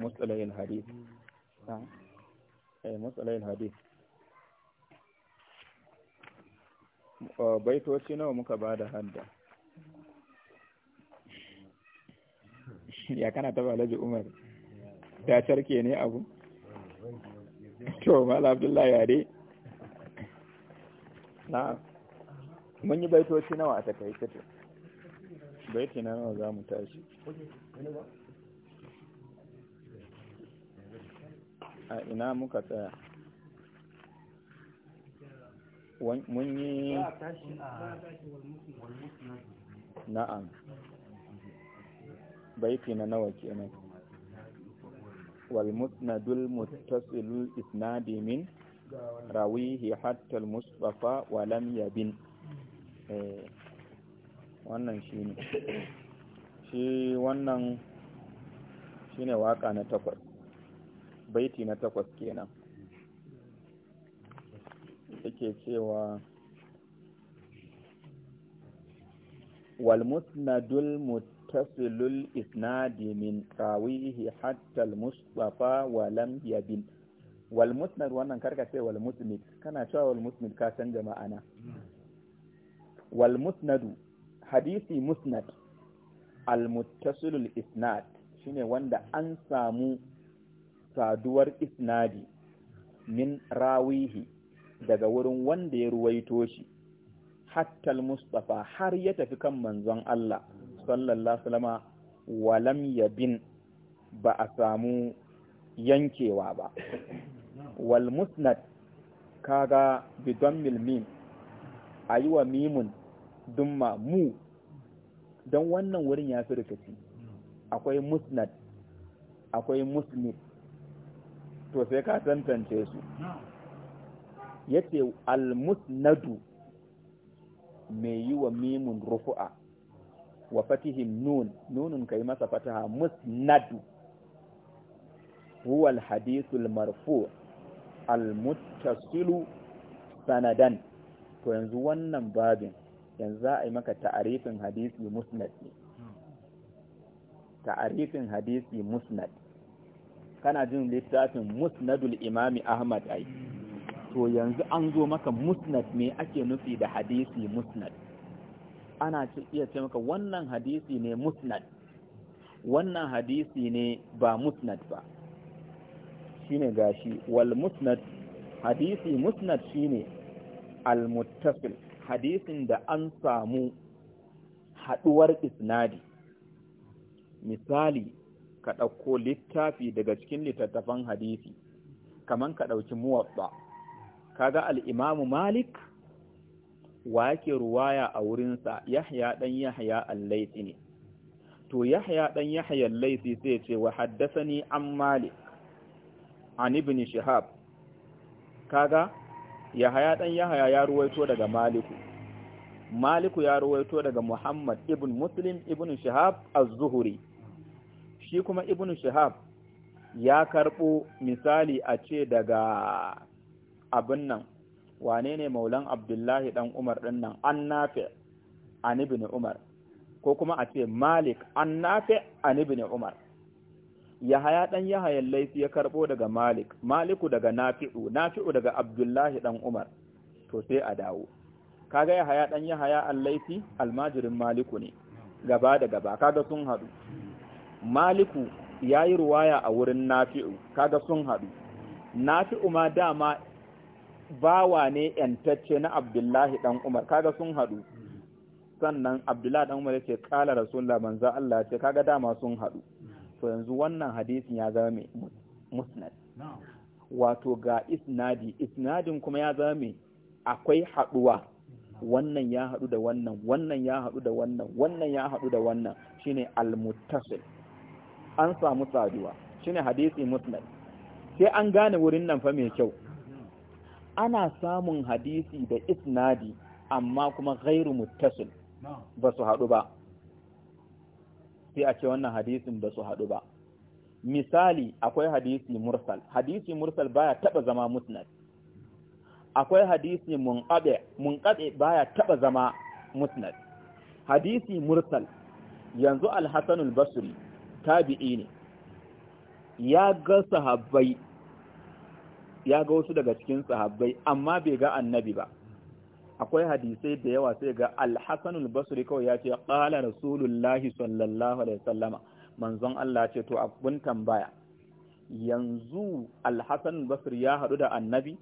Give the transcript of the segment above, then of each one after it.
مصطلح الحديث نعم مصطلح الحديث baitoci nawa muka ba da hadda ya kana taba alhaji umar ta carke ne abu to mala abdullahi yare na mun yi baitoci nawa a takaice baiti na nawa za mu tashi a ina muka tsaya mun yi na'am baiti na nawa kenan والمسند المتصل الإسناد من rawihi hatta al-mustafa wa lam yabin eh, wannan shine shi wannan shine waka na takwas baiti na takwas kenan yake cewa walmusnadul musnadul muttasilul isnadi min rawihi hatta al wa lam yabin wal wannan karka ce wal musnid kana cewa wal musnid ka canza ma'ana wal musnadu hadisi musnad al muttasilul isnad shine wanda an samu saduwar isnadi min rawihi daga wurin wanda ya ruwaito shi hattal mustafa har ya tafi kan manzon Allah sallallahu alaihi walam yabin ba a samu yankewa ba wal musnad kaga bidon milmin a yi wa mimun dumma mu don wannan wurin ya fi rikici akwai musnad akwai musnid to sai ka tantance su yace almusnadu mai yi wa mimun rufu'a wa fatihin nun nunun kai masa fataha musnadu huwal alhadithul marfu almuttasilu sanadan to yanzu wannan babin yanzu za a yi maka ta'arifin hadisi musnad ta'arifin hadisi musnad kana jin littafin musnadul imami ahmad ai to yanzu an zo maka musnad me ake nufi da hadisi musnad ana iya ce maka wannan hadisi ne musnad wannan hadisi ne ba musnad ba shine gashi wal musnad hadisi musnad shine al muttasil hadisin da an samu haduwar isnadi misali ka ɗauko littafi daga cikin littattafan hadisi kamar ka ɗauki muwabba kaga al'imamu malik wa yake ruwaya a wurinsa yahya ɗan yahya allaiti ne to yahya ɗan yahya allaiti sai ce wa haddasa ni an malik an ibn shihab kaga yahya ɗan yahya ya ruwaito daga maliku maliku ya ruwaito daga muhammad ibn muslim ibn shihab az-zuhri shi kuma ibnu shihab ya karɓo misali a ce daga abin nan wane ne maulan abdullahi ɗan umar ɗin nan an nafe an ibn umar ko kuma a ce malik an nafe an ibn umar yahaya ɗan yahayan laifi ya karɓo daga malik maliku daga nafi'u nafi'u daga abdullahi ɗan umar to sai a dawo kaga ya yahaya ɗan yahaya al laifi almajirin maliku ne gaba da gaba kaga sun haɗu maliku ya yi ruwaya a wurin nafi'u kaga sun haɗu nafi'u ma dama bawa ne ‘yantacce na abdullahi ɗan umar kaga sun haɗu sannan abdullahi ɗan umar ya ce ƙala rasulullah manzo Allah ce kaga dama sun haɗu to yanzu wannan hadisin ya zama mai musnad wato ga isnadi isnadin kuma ya zama mai akwai haɗuwa wannan ya haɗu da wannan wannan ya haɗu da wannan wannan ya haɗu da wannan shine al-muttasil an samu saduwa shine hadisi musnad sai an gane wurin nan fa mai kyau ana samun hadisi da isnadi amma kuma ghairu muttasil ba su haɗu ba sai a ce wannan hadisin ba su haɗu ba misali akwai hadisi mursal hadisi mursal baya taba zama musnad akwai hadisi munqadi munqadi baya taba zama musnad hadisi mursal yanzu al-hasan al-basri tabi'i ne ya ga sahabbai ya ga wasu daga cikin sahabbai amma bai ga annabi ba akwai hadisai da yawa sai ga alhassanul basri kawai ya ce ƙala rasulullahi sallallahu alaihi sallama manzon Allah ce to abin tambaya yanzu alhassanul basri ya haɗu da annabi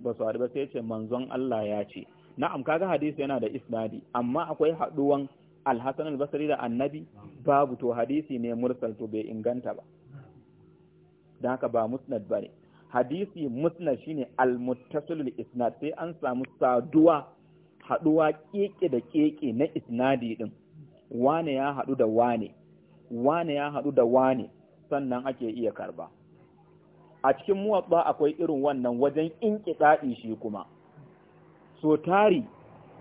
ba su haɗu ba sai ce manzon Allah ya ce na'am kaga hadisi yana da isnadi amma akwai haɗuwan alhassan albasari da annabi babu to hadisi ne mursal to bai inganta ba don haka ba musnad ba ne hadisi musnad shine almuttasilul isnad sai an samu saduwa haduwa keke da keke na isnadi din wane ya hadu da wane wane ya hadu da wane sannan ake iya karba a cikin muwatsa akwai irin wannan wajen inkiɗaɗi shi kuma so tari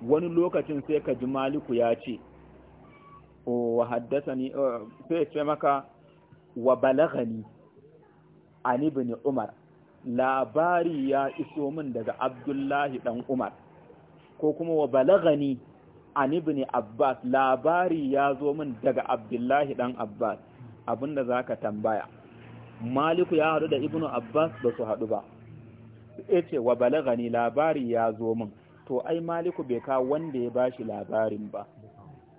wani lokacin sai ka ji maliku ya ce wa haddasani sai ce maka wa balagani an ibn Umar labari ya iso min daga Abdullahi dan Umar ko kuma wa balagani an ibn Abbas labari ya zo min daga Abdullahi dan Abbas abinda zaka tambaya Maliku ya haɗu da Ibnu Abbas ba su haɗu ba yace wa balagani labari ya zo min to ai Maliku bai kawo wanda ya bashi labarin ba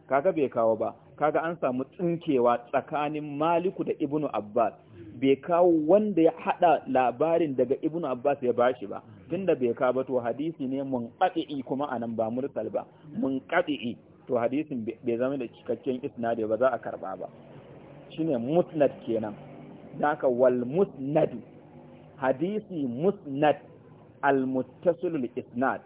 kaga bai kawo ba kaga an samu tsinkewa tsakanin maliku da ibnu abbas bai kawo wanda ya hada labarin daga ibnu abbas ya bashi ba tunda bai kawo ba to hadisi ne mun qati'i kuma anan ba mursal ba mun qati'i to hadisin bai zama da cikakken isnadi ba za a karba ba shine musnad kenan daka wal musnad hadisi musnad al muttasilul isnad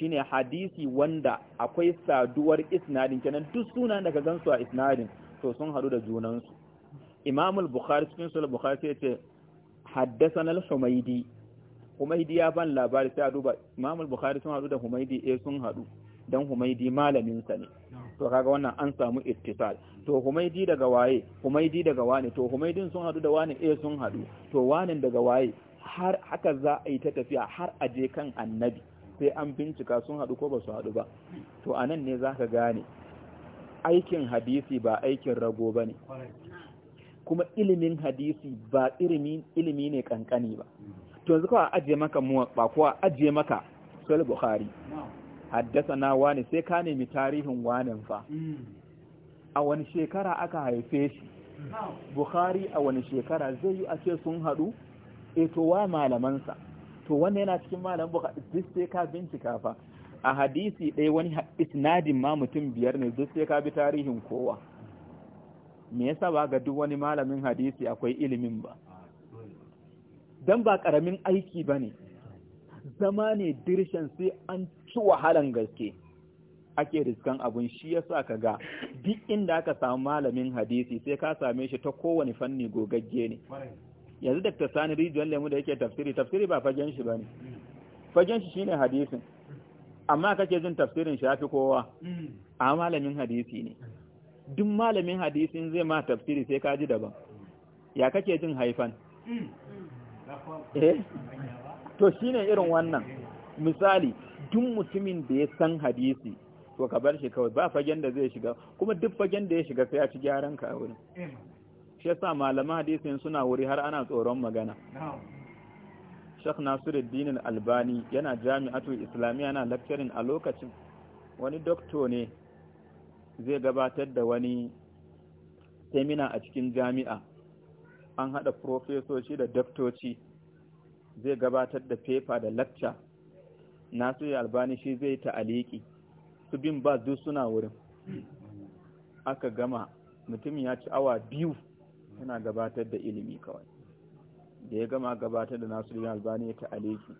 shine hadisi wanda akwai saduwar isnadin kenan duk sunan da ka gansu a isnadin to sun haɗu da junansu imam al-bukhari cikin sulh bukhari sai ce haddathana al-humaydi humaydi ya ban labari sai a duba imam al-bukhari sun haɗu da humaydi eh sun haɗu dan humaydi malamin sa ne to kaga wannan an samu ittisal to humaydi daga waye humaydi daga wane to humaydin sun haɗu da wane eh sun haɗu to wanen daga waye har haka za a yi ta tafiya har aje kan annabi sai an bincika sun haɗu ko ba su haɗu ba to a nan ne zaka gane aikin hadisi ba aikin rago bane kuma ilimin hadisi ba ilimi ne kankani ba to yanzu kawai ajiye maka ba kuwa ajiye maka sul bukhari haddasa na wani sai ka nemi tarihin wani fa a wani shekara aka haife shi bukhari a wani shekara zai yi a ce sun haɗu eto eh wa malamansa to wannan yana cikin malam buka duk sai ka bincika fa a hadisi ɗaya wani isnadin ma mutum biyar ne duk sai ka bi tarihin kowa me yasa ba ga duk wani malamin hadisi akwai ilimin ba dan ba karamin aiki bane zama ne dirshan sai an ci wahalan gaske ake riskan abun shi yasa ka ga duk inda aka samu malamin hadisi sai ka same shi ta kowane fanni gogagge ne yanzu ta Sani Rijiyar Lemu da yake tafsiri tafsiri ba fagen shi ba ne, fagen shi shine hadisin amma kake jin tafsirin shafi kowa a malamin hadisi ne duk malamin hadisin zai ma tafsiri sai ka ji daban ya kake jin haifan eh to shine irin wannan misali duk mutumin da ya san hadisi to ka bar shi kawai ba fagen da zai shiga kuma duk fagen da ya shiga sai ya ci gyaran ka a wurin shi yasa malaman hadisin suna wuri har ana tsoron magana Sheikh Nasiruddin Al-Albani yana jami'atu Islamiyya yana lecturing a lokacin wani doctor ne zai gabatar da wani seminar a cikin jami'a an hada shi da daktoci zai gabatar da paper da lecture Nasiru Albani shi zai ta'aliki su bin ba duk suna wurin aka gama mutum ya ci awa biyu yana gabatar da ilimi kawai da ya gama gabatar da nasiruddin albani ya ta'alifi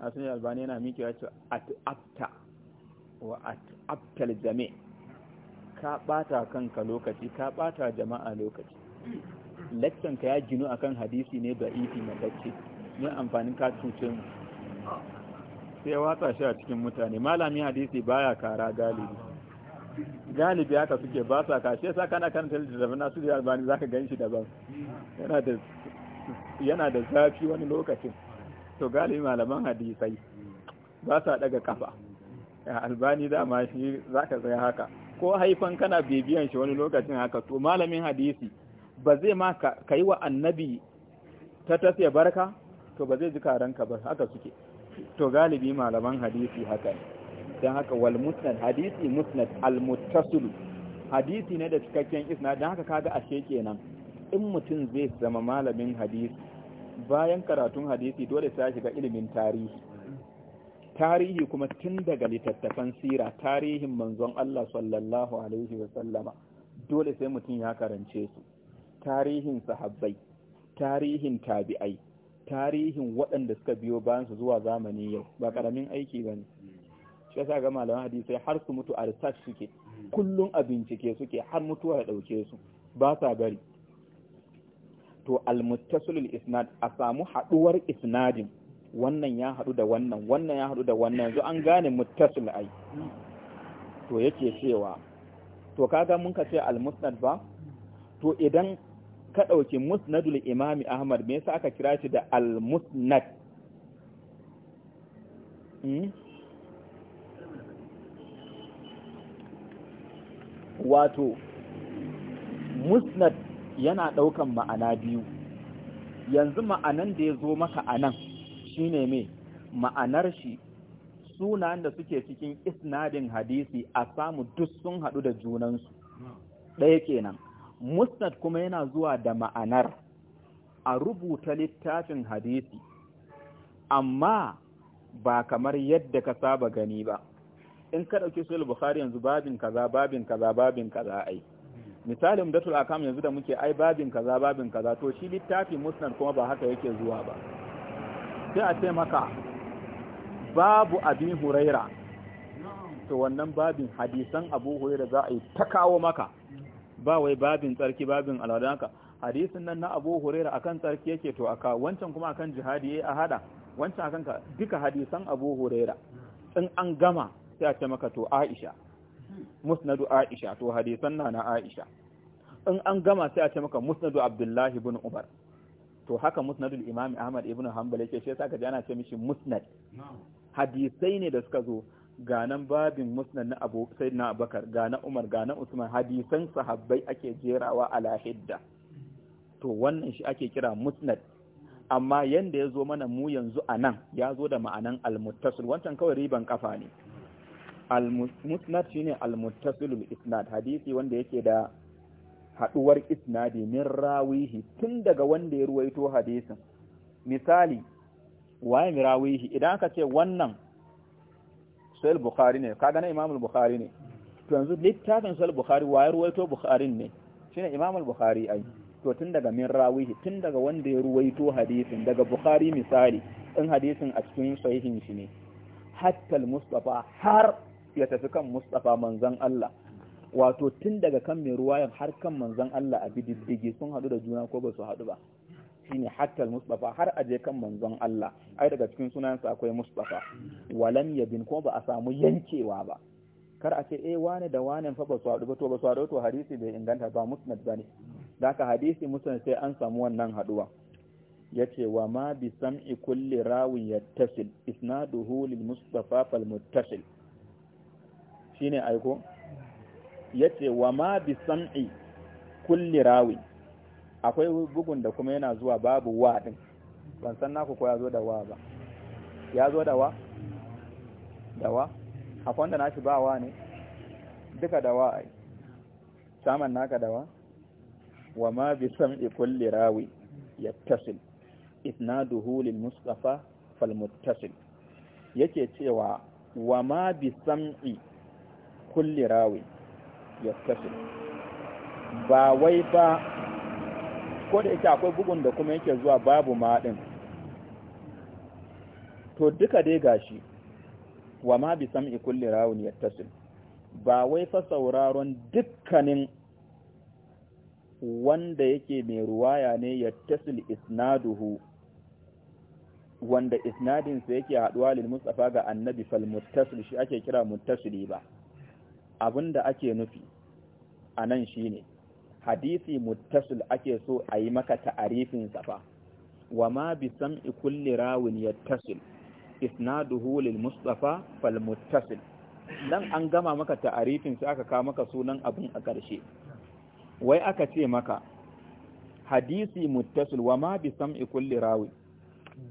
nasiruddin albani yana miki ya ce at'abta wa at'abtal jami' ka bata kanka lokaci ka bata jama'a lokaci laccan ka ya ginu akan hadisi ne da ifi na lacce ne amfanin ka cuce mu sai ya watsa shi a cikin mutane malami hadisi baya kara galibi galibi haka suke ba sa ka shi yasa kana karanta littattafan nasu da albani zaka gan shi daban yana da yana da zafi wani lokacin to galibi malaman hadisai ba sa daga kafa albani dama shi zaka tsaya haka ko haifan kana bibiyan shi wani lokacin haka to malamin hadisi ba zai ma ka yi wa annabi ta tafiya barka to ba zai ji karanka ba haka suke to galibi malaman hadisi haka ne don haka wal musnad hadisi musnad al muttasil hadisi ne da cikakken isna don haka kaga ashe kenan in mutum zai zama malamin hadisi bayan karatun hadisi dole sai shiga ilimin tarihi tarihi kuma tun daga littattafan sira tarihin manzon Allah sallallahu alaihi wa sallama dole sai mutum ya karance su tarihin sahabbai tarihin tabi'ai tarihin waɗanda suka biyo bayan su zuwa zamani yau ba karamin aiki bane shi yasa ga malaman hadisai har su mutu a research suke kullum a bincike suke har mutuwa ya dauke su ba sa bari to almuttasilul isnad a samu haduwar isnadin wannan ya hadu da wannan wannan ya hadu da wannan yanzu an gane muttasil ai to yake cewa to kaga mun ka ce almusnad ba to idan ka dauki musnadul imami ahmad me yasa aka kira shi da almusnad mm? wato musnad yana ɗaukan ma'ana biyu yanzu ma'anan da ya zo maka a nan shi ne me ma'anar shi sunan da suke cikin isnadin hadisi a samu duk sun haɗu da junansu ɗaya kenan musnad kuma yana zuwa da ma'anar a rubuta littafin hadisi amma ba kamar yadda ka saba gani ba in ka dauke sahih bukhari yanzu babin kaza babin kaza babin kaza ai misali umdatul akam yanzu da muke ai babin kaza babin kaza to shi littafin musnad kuma ba haka yake zuwa ba sai a ce maka babu abin huraira to wannan babin hadisan abu huraira za a yi ta kawo maka ba wai babin tsarki babin al'adanka hadisin nan na abu huraira akan tsarki yake to aka wancan kuma akan jihadi ya a hada wancan akan ka duka hadisan abu huraira in an gama sai a ce maka to Aisha musnadu Aisha to hadisan na na Aisha in an gama sai a ce maka musnadu Abdullahi ibn Umar to haka musnadul Imam Ahmad ibn Hanbal yake shi saka jana ce mishi musnad hadisai ne da suka zo ga nan babin musnad na Abu Sayyidina Abubakar ga na Umar ga na Usman hadisan sahabbai ake jerawa ala hidda to wannan shi ake kira musnad amma yanda ya zo mana mu yanzu a nan ya zo da ma'anan almuttasul wancan kawai riban kafa ne al-musnad shine al-muttasilul isnad hadisi wanda yake da haduwar isnadi min rawihi tun daga wanda ya ruwaito hadisin misali waye mi rawihi idan ka ce wannan sahih bukhari ne kaga na imam al-bukhari ne to yanzu littafin sahih bukhari waye ruwaito bukhari ne shine imam al-bukhari ai to tun daga min rawihi tun daga wanda ya ruwaito hadisin daga bukhari misali in hadisin a cikin sahihin shi ne hatta al-mustafa har ya tafi kan Mustafa manzan Allah wato tun daga kan mai ruwayan har kan manzan Allah a bididdigi sun hadu da juna ko ba su haɗu ba shine hattal Mustafa har aje kan manzan Allah ai daga cikin sunansa akwai Mustafa walam yabin ko ba a samu yankewa ba kar a ce eh wane da wane fa ba su haɗu ba to ba su haɗu to hadisi bai inganta ba musnad bane da ka hadisi musnad sai an samu wannan haɗuwa yace wa ma bi sam'i kulli rawi yattasil isnaduhu lil Mustafa fal muttasil shine aiko yace wa ma bi sam'i kulli rawi akwai bugun da kuma yana zuwa babu wa din ban san naku ko ya zo da wa ba ya zo da wa da wa akwai wanda nashi ba wa ne duka da wa ai saman naka da wa wa ma bi sam'i kulli rawi yattasil isnaduhu lil mustafa fal muttasil yake cewa wa ma bi sam'i kulli rawi yattasil ba wai ba ko da yake akwai bugun da kuma yake zuwa babu maɗin to duka dai gashi wa ma bi sam'i kulli rawin yattasil ba wai fa sauraron dukkanin wanda yake mai ruwaya ne yattasil isnaduhu wanda isnadinsa yake haɗuwa lil mustafa ga annabi fal muttasil shi ake kira muttasili ba abin da ake nufi a nan shi ne hadisi muttasil ake so a yi maka ta'arifin safa wa ma bi sam'i kulli rawin yattasil isnaduhu lil mustafa fal muttasil nan an gama maka ta'arifin sai aka kawo maka sunan abin a ƙarshe wai aka ce maka hadisi muttasil wa ma bi sam'i kulli rawin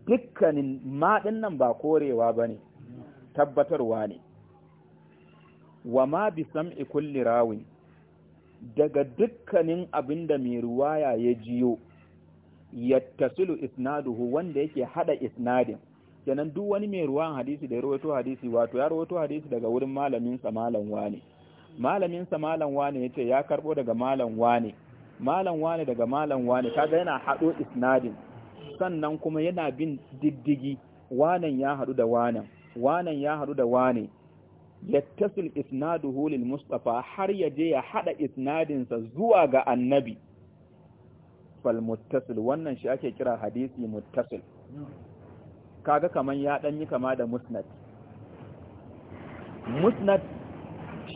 dukkanin maɗin nan ba korewa ba ne tabbatarwa ne wa ma bi sam'i kulli rawin daga dukkanin abinda mai ruwaya ya jiyo yattasilu isnaduhu wanda yake hada isnadin kenan duk wani mai ruwan hadisi da ya rawaito hadisi wato ya rawaito hadisi daga wurin malamin sa malam wane malamin sa malam wane yace ya karbo daga malam wane malam wane daga malam wane kaga yana hado isnadin sannan kuma yana bin diddigi wanan ya hadu da wanan wanan ya hadu da wane yattasil isnaduhu lil mustafa har ya je ya hada isnadinsa zuwa ga annabi fal muttasil wannan shi ake kira hadisi muttasil kaga kaman ya dan yi kama da musnad musnad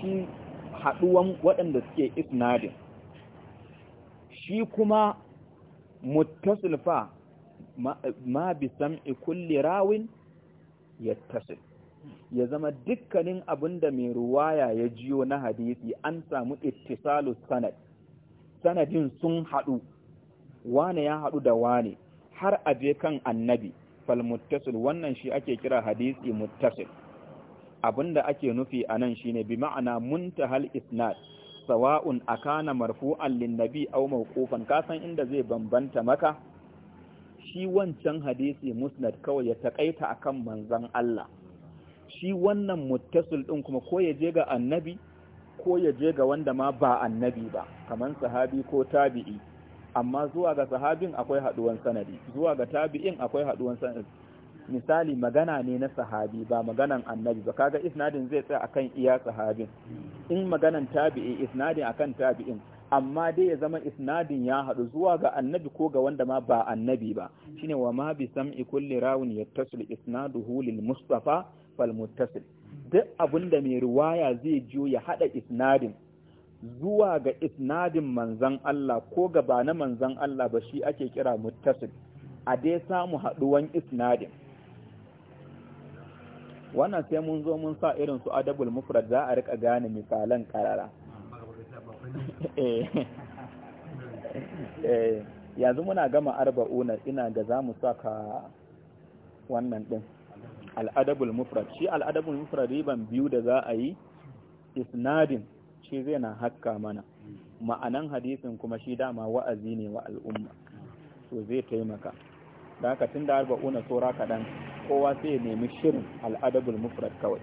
shi haduwan waɗanda suke isnadin shi kuma muttasil fa ma bi sam'i kulli rawin yattasil ya zama dukkanin abin da mai ruwaya ya jiyo na hadisi an samu ittisalu sanad sanadin sun haɗu wane ya haɗu da wane har aje kan annabi fal wannan shi ake kira hadisi muttasil abinda ake nufi anan shine bi ma'ana muntahal isnad sawa'un akana marfu'an linnabi aw mawqufan kasan inda zai bambanta maka shi wancan hadisi musnad kawai ya takaita akan manzon Allah shi wannan muttasul ɗin kuma ko ya je ga annabi ko ya je ga wanda ma ba annabi ba kamar sahabi ko tabi'i amma zuwa ga sahabin akwai haduwan sanadi zuwa ga tabi'in akwai haduwan sanadi misali magana ne na sahabi ba maganan annabi ba kaga isnadin zai tsaya akan iya sahabin in maganan tabi'i isnadin akan tabi'in amma dai ya zama isnadin ya haɗu zuwa ga annabi ko ga wanda ma ba annabi ba shine wa ma bi sam'i kulli rawin yattasil isnaduhu lil mustafa falmuttasil duk da mai riwaya zai jiyo ya hada isnadin zuwa ga isnadin manzan Allah ko gaba na manzan Allah ba shi ake kira muttasil a dai samu haɗuwan isnadin wannan sai mun zo mun sa irin su adabul mufrad za a rika gane misalan karara eh. eh. yanzu muna gama arba'una ina ga za mu saka wannan din al'adabul mufrad shi al'adabul mufrad riban biyu da za a yi isnadin shi zai na haka mana ma'anan hadisin kuma shi dama wa'azi ne wa al'umma to zai taimaka da haka tun da tsora kaɗan kowa sai ya nemi shirin al'adabul mufrad kawai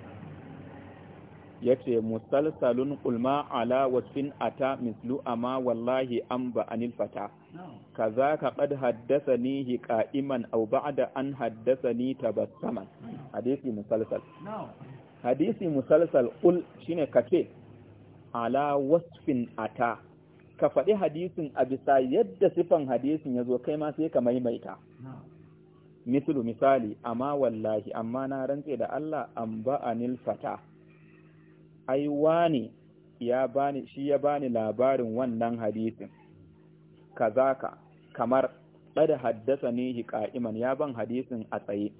ya ce musalsalun ulma ala wasfin ata mislu amma wallahi an ba anil fata ka za ka ƙad haddasa ni iman au da an haddasa ni ta tabassaman hadisi musalsal hadisi musalsal ul shine kace ala wasfin ata ka faɗi hadisin a bisa yadda sifan hadisin ya zo kai ma sai ka maimaita mislu misali amma wallahi amma na rantse da Allah an anil fata ai wani ya bani shi ya bani labarin wannan hadisin kazaka kamar ɗada haddasa ne hika'iman ya ban hadisin a tsaye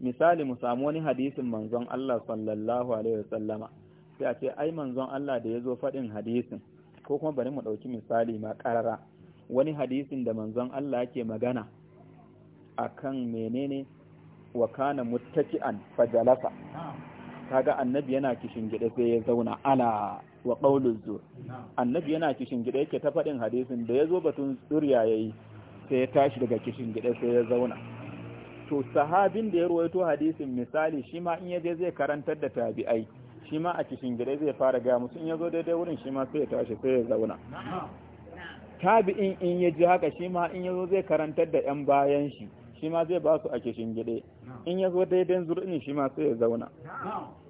misali mu samu wani hadisin manzon Allah sallallahu alaihi wasallama sai a ce ai manzon Allah da ya zo faɗin hadisin ko kuma bari mu ɗauki misali ma ƙarara wani hadisin da manzon Allah yake magana kan menene wa kana muttaki'an fajalasa kaga annabi yana kishin gida sai ya zauna ala wa qaulul zur annabi yana kishin gida yake ta faɗin hadisin da yazo batun zuriya yayi sai ya tashi daga kishin gida sai ya zauna to sahabin da ya ruwaito hadisin misali shi ma in yaje zai karantar da tabi'ai shi ma a cikin gida zai fara ga musu in yazo daidai wurin shi ma sai ya tashi sai ya zauna tabi'in in ya ji haka shi ma in yazo zai karantar da yan bayan shi shi ma zai ba su a cikin gida in yazo daidai zurin shi ma sai ya zauna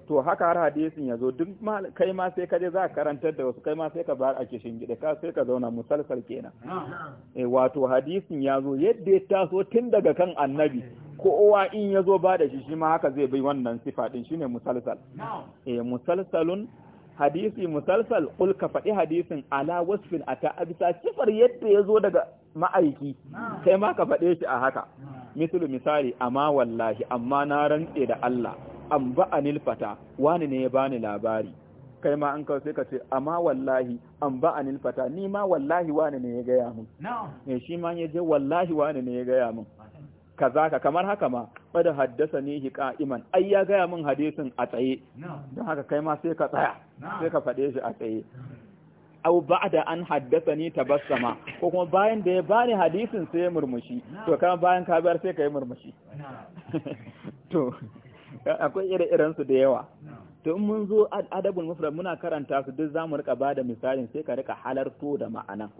to haka har hadisin ya zo duk kai ma sai ka je za ka karantar da wasu kai ma sai ka bar a kishin gida ka sai ka zauna musalsal kenan eh, wato hadisin ya zo yadda ya taso tun daga kan annabi kowa in ya zo ba da shi shi ma haka zai bai wannan sifa din shine musalsal eh musalsalun hadisi musalsal kul ka faɗi hadisin ala wasfin ata a bisa sifar yadda ya zo daga ma'aiki kai ma ka faɗe shi a haka misalu misali amma wallahi amma na rantse da Allah an a nilfata wani ne ya bani labari kai ma an kawo sai ka ce amma wallahi an a nilfata ni ma wallahi wani ne ya gaya min ne shi ma ya je wallahi wani ne ya gaya min kaza ka kamar haka ma bada haddasa ne hika iman ai ya gaya min hadisin a tsaye don haka kai ma sai ka tsaya sai ka faɗe shi a tsaye au ba'da an haddasa ni tabassama ko kuma bayan da ya bani hadisin sai ya murmushi to kama bayan kabiyar sai ka yi murmushi to akwai ire-iren su da yawa to in mun zo adabul mufrad muna karanta su duk zamu rika bada misalin sai ka rika halarto da ma'ana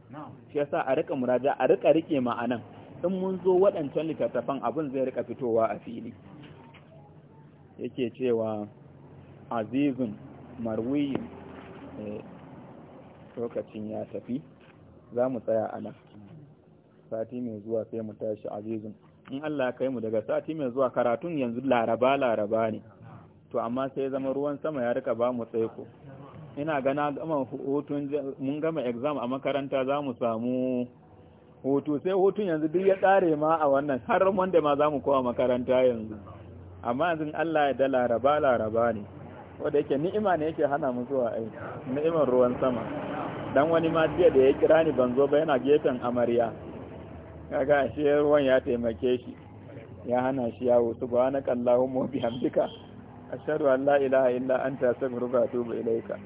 shi yasa a rika muraja a rika rike ma'anan in mun zo waɗancan littattafan abin zai rika fitowa a fili yake cewa azizun marwiyin eh, lokacin ya tafi za mu tsaya a nan sati mai zuwa sai mu tashi azizun in Allah kai mu daga sati mai zuwa karatun yanzu laraba laraba ne to amma sai zama ruwan sama ya rika ba mu tsaiko ina gana gama hutun mun gama exam a makaranta za mu samu hutu sai hutun yanzu duk ya tsare ma a wannan har wanda ma za mu kowa makaranta yanzu amma yanzu Allah ya da laraba laraba ne wanda yake ni'ima ne yake hana mu zuwa ai ni'imar ruwan sama dan wani ma jiya da ya kira ni ban zo ba yana gefen amarya kaga shi ruwan ya taimake shi ya hana shi yawo subhanaka allahumma bihamdika ashhadu an la ilaha illa anta astaghfiruka wa atubu ilaika